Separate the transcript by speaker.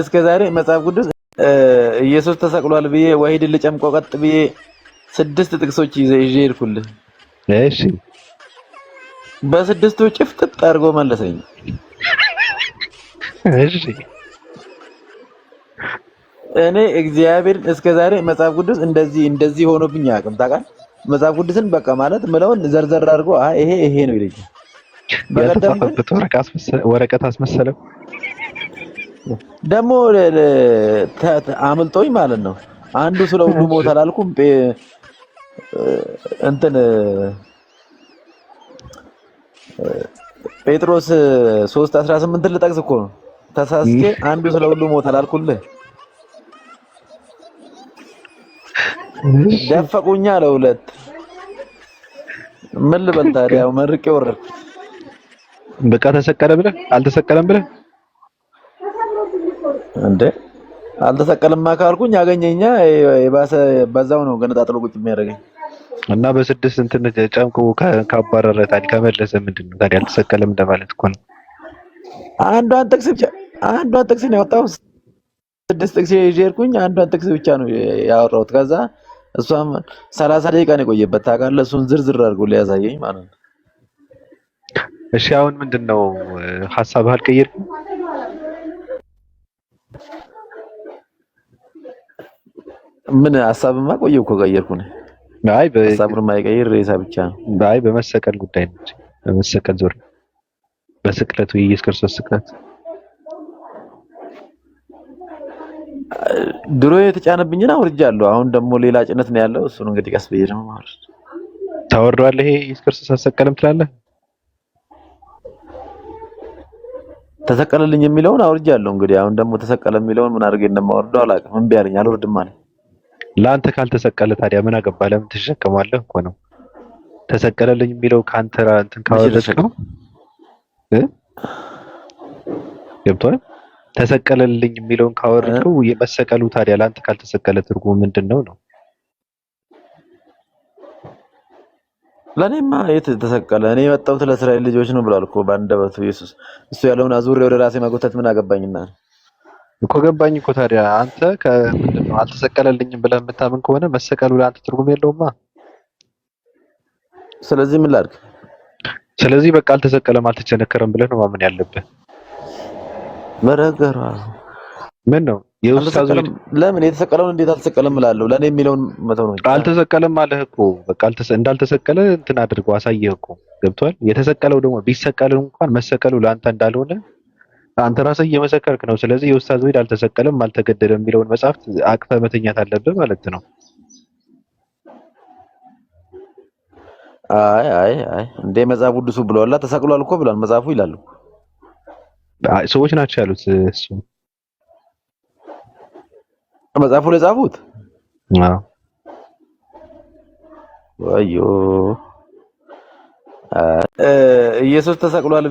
Speaker 1: እስከ ዛሬ መጽሐፍ ቅዱስ ኢየሱስ ተሰቅሏል ብዬ ወሂድን ልጨምቆ ቀጥ ብዬ ስድስት ጥቅሶች ይዤ ሄድኩልህ። እሺ በስድስቱ ጭፍጥጥ አድርጎ መለሰኝ። እሺ እኔ እግዚአብሔርን እስከ ዛሬ መጽሐፍ ቅዱስ እንደዚህ እንደዚህ ሆኖብኝ አያውቅም። ታውቃለህ መጽሐፍ ቅዱስን በቃ ማለት ምለውን ዘርዘር አድርጎ ይሄ ይሄ ነው ይለኛል።
Speaker 2: በቀደም ወረቀት አስመሰለው
Speaker 1: ደግሞ አምልጦኝ ማለት ነው። አንዱ ስለ ሁሉ ሞት አላልኩም። እንትን ጴጥሮስ 3 18 ልጠቅስ እኮ ነው ተሳስቼ። አንዱ ስለ ሁሉ ሞት አላልኩልህ። ደፈቁኛ ለሁለት ምን ልበል ታዲያ? መርቄ ወረድኩ።
Speaker 2: በቃ ተሰቀለ ብለህ አልተሰቀለም ብለህ
Speaker 1: እንደ አልተሰቀልማ ካልኩኝ ያገኘኛ የባሰ በዛው ነው ገነጣጥሎ ቁጭ የሚያደርገኝ
Speaker 2: እና በስድስት እንትን ጨምቆ ካባረረ ታዲያ ከመለሰ ምንድን ነው ታዲያ? አልተሰቀለም እንደማለት እኮ ነው።
Speaker 1: አንዷን ጥቅስ ብቻ አንዷን ጥቅስ ነው ያወጣሁት። ስድስት ጥቅስ ይዤ ሄድኩኝ። አንዷን ጥቅስ ብቻ ነው ያወራሁት። ከዛ እሷም ሰላሳ ደቂቃ ነው የቆየበት ታውቃለህ። እሱን ዝርዝር አድርጎ ሊያሳየኝ ማለት ነው።
Speaker 2: እሺ አሁን ምንድን ነው ሀሳብህ አልቀየርኩም?
Speaker 1: ምን ሀሳብማ ማቆየው እኮ ቀየርኩ ነው። አይ በሳብር ማይቀይር ሬሳ ብቻ ነው።
Speaker 2: አይ በመሰቀል ጉዳይ ነው። በመሰቀል ዞር በስቅለቱ የኢየሱስ ክርስቶስ ስቅለት
Speaker 1: ድሮ የተጫነብኝን አውርጃለሁ። አሁን ደግሞ ሌላ ጭነት ነው ያለው። እሱን እንግዲህ ቀስ ብዬ ደግሞ አውርድ።
Speaker 2: ታወርደዋለህ። ይሄ ኢየሱስ ክርስቶስ አልሰቀልም ትላለህ።
Speaker 1: ተሰቀለልኝ የሚለውን አውርጃለሁ። እንግዲህ አሁን ደግሞ ተሰቀለ የሚለውን ምን አድርጌ እንደማወርደው አላውቅም። እምቢ አለኝ፣ አልወርድም አለኝ።
Speaker 2: ለአንተ ካልተሰቀለ ታዲያ ምን አገባ? ለምን ትሸከማለህ እኮ ነው። ተሰቀለልኝ የሚለው ከአንተ እንትን ካወረድክ ነው። ገብቶሃል? ተሰቀለልኝ የሚለውን ካወረድከው የመሰቀሉ ታዲያ ለአንተ ካልተሰቀለ ትርጉሙ ምንድን ነው ነው
Speaker 1: ለእኔማ የት ተሰቀለ? እኔ የመጣሁት ለእስራኤል ልጆች ነው ብሏል እኮ በአንደበቱ ኢየሱስ። እሱ ያለውን አዙሬ ወደ ራሴ ማጎተት ምን አገባኝና
Speaker 2: እኮ ገባኝ እኮ። ታዲያ አንተ ከምንድን ነው አልተሰቀለልኝም ብለህ የምታምን ከሆነ መሰቀሉ ለአንተ ትርጉም የለውማ።
Speaker 1: ስለዚህ ምን ላድርግ?
Speaker 2: ስለዚህ በቃ አልተሰቀለም፣ አልተቸነከረም ብለህ ነው ማምን ያለብህ። መረገሯ ምን ነው
Speaker 1: ለምን የተሰቀለውን እንዴት አልተሰቀለም እላለሁ። ለእኔ የሚለውን
Speaker 2: መተው ነው። አልተሰቀለም አለህ እኮ በቃ እንዳልተሰቀለ እንትን አድርገው አሳየህ እኮ ገብቷል። የተሰቀለው ደግሞ ቢሰቀል እንኳን መሰቀሉ ለአንተ እንዳልሆነ አንተ ራስህ እየመሰከርክ ነው። ስለዚህ የኡስታዝ ወይድ አልተሰቀለም፣ አልተገደለም የሚለውን መጽሐፍት አቅፈ መተኛት አለብህ ማለት ነው።
Speaker 1: አይ አይ አይ እንዴ መጽሐፍ ቅዱሱ ብሏላ ተሰቅሏል እኮ ብሏል መጽሐፉ ይላሉ
Speaker 2: ሰዎች ናቸው ያሉት እሱ
Speaker 1: መጽሐፉ ላይ ጻፉት። አዎ ወዮ ኢየሱስ ተሰቅሏል።